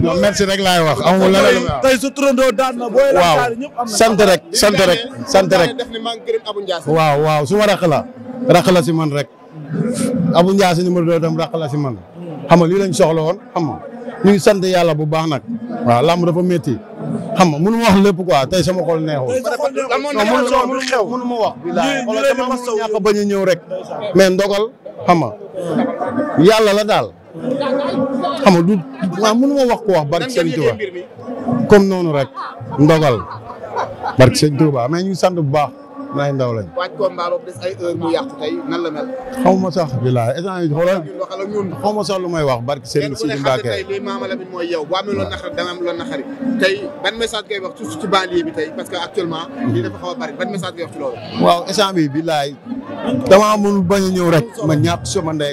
non merci rek laay wax amul la tey su turandoo sant rek sant rek sant rek waaw waaw su ma raq la raq la si man rek Abou Ndiassé numéro deux tam raq la si man xam nga lii lañ soxla woon xam nga ngi sant yàlla bu baax nag waaw làmb dafa métti xam nga mënu ma wax ko quoi tey sama xol neexul xew mënu ma wax wala dama ñàkk bañ ñëw rek mais ndogal xam nga yàlla la daal xam nga du waaw mënu ma wax ko wax barke sëñ Touba comme noonu rek ndogal barke sëñ Touba ma ñu sant bu baax naay ndaw lañ. waaj mu yàqu tey nan la mel. xaw ma sax bilaay état yi xoolal xaw ma sax lu may wax barke sëñ Sidi Mbacke. tey li Mama Lamine mooy yow boo amee a bari dama amul bañ ñëw rek ma ñàpp sama ndey